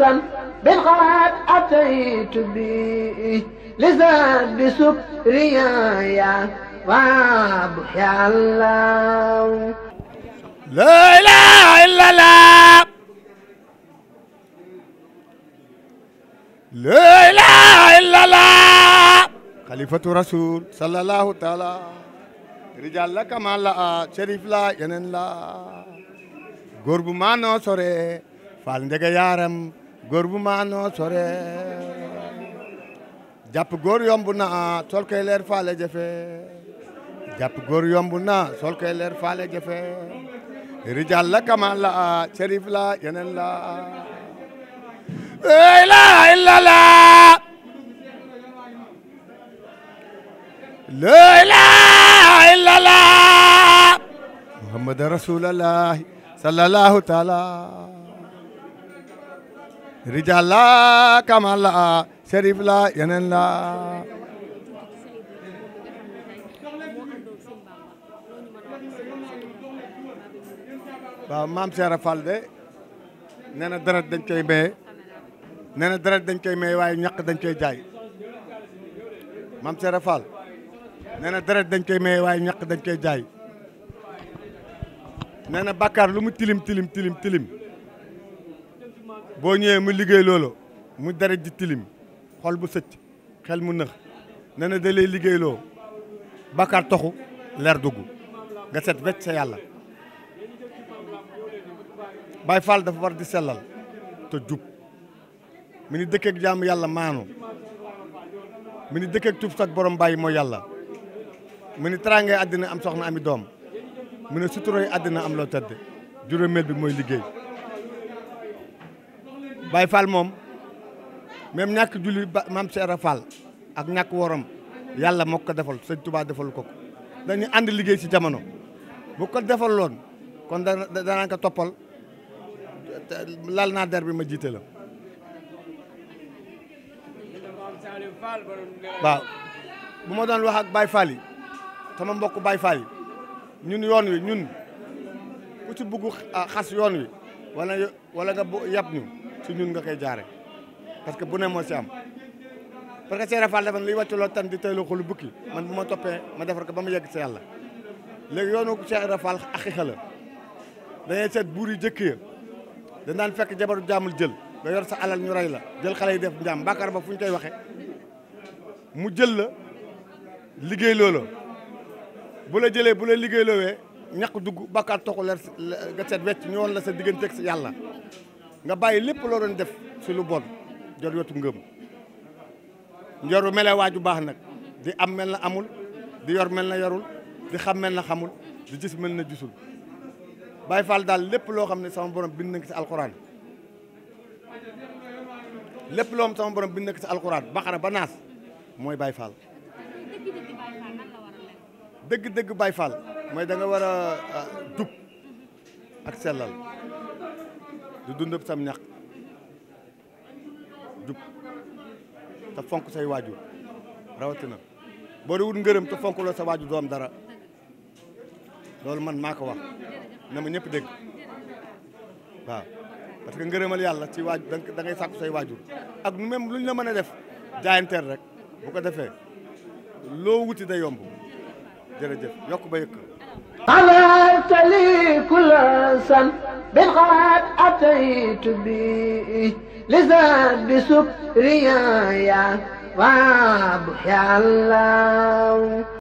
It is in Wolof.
نفسا بالغواد أتيت به لزاد بسكريا يا رب يا الله لا إله إلا الله لا إله إلا الله خليفة رسول صلى الله تعالى رجال لا كمال لا شريف لا ينن لا góor bu maanoo sore faal ndege yaaram góor bu maanoo sore jàpp góor yomb na sol leer faale jafe jàpp góor yomb na sol leer faale jafe rijal la kamal la sharif la yeneen la ey la illa la illa la muhammad rasulullah sallallahu taala rijal la kamal la sharif la yeneen la waaw maam Seera Fall de nee na deret dañ koy maye nee na deret dañ koy maye waaye ñàkk dañ koy jaay maam Seera Fall nee na deret dañ koy maye waaye ñàkk dañ koy jaay nee na bàkkaar lu mu tilim tilim tilim tilim boo ñëwee mu liggéey loolu mu dara ji tilim xol bu sëcc xel mu nëx nee na da lay liggéeyloo bakkaar toxu leer dugg nga set wecc sa yàlla bay Faal dafa war di sellal te jub mi ni dëkk ak jaamu yàlla maanu mi ni dëkk tuub sax borom bàyyi mooy yàlla mu ni teraangay àddina am soxna ami doom mu ne suturoy àddina am loo tedd juróomeel bi mooy liggéey Baye Fall moom même ñàkk julli ba maam Cheikh ak ñàkk worom yàlla mokk ko defal sëñ Touba defal ko ko dañuy liggéey ci jamono bu ko defal loon kon toppal lal naa der bi ma jiite la waaw bu ma doon wax ak Baye Fall yi mbokk Baye Fall ñun yoon wi ñun ku ci bugg xas yoon wi wala wala nga su ñun nga koy jaare parce que bu ne moo si am parce que Seere Fall dafa luy wàcculoo tan di tey loo bukki man bu ma toppee ma defar ko ba mu yegg si yàlla léegi yoonu Seere Fall aqiqa dañuy seet buur yu jëkk ya daan fekk jabaru jaamul jël nga yor sa alal ñu ray la jël xale yi def njaam bàkkaar ba fu ñu koy waxe mu jël la liggéey loola bu la jëlee bu la liggéey loowee ñaq dugg bàkkaar toxu leer nga seet wecc ñu woon la sa digganteeg si yàlla nga bàyyi lépp loo doon def si lu bon jot wetu ngëm yoru mele waaju baax nag di am mel na amul di yor mel na yorul di xam mel na xamul di gis mel na jisul Baay Faal daal lépp loo xam ne sama borom bind na ko si alxuraan lépp loo xam sama borom bind si alxuraan baxara banaas mooy bay Faal dëgg-dëgg Baay Faal mooy danga war a jub ak sellal du dundab sam ñax jub te fonk say waajur rawatina boo di wut ngërëm te fonk loo sa waajur doom dara loolu man maa ko wax na ma ñëpp dégg waaw parce que ngërëmal yàlla ci waaj da ngay sàkku say waajur ak nu même lu ñu la mën a def jaayanteer rek bu ko defee loo wuti da yomb jërëjëf yokk ba yëkk غفرت لي كل سن بالغاد أتيت به لزاد بسكريا يا رب يا الله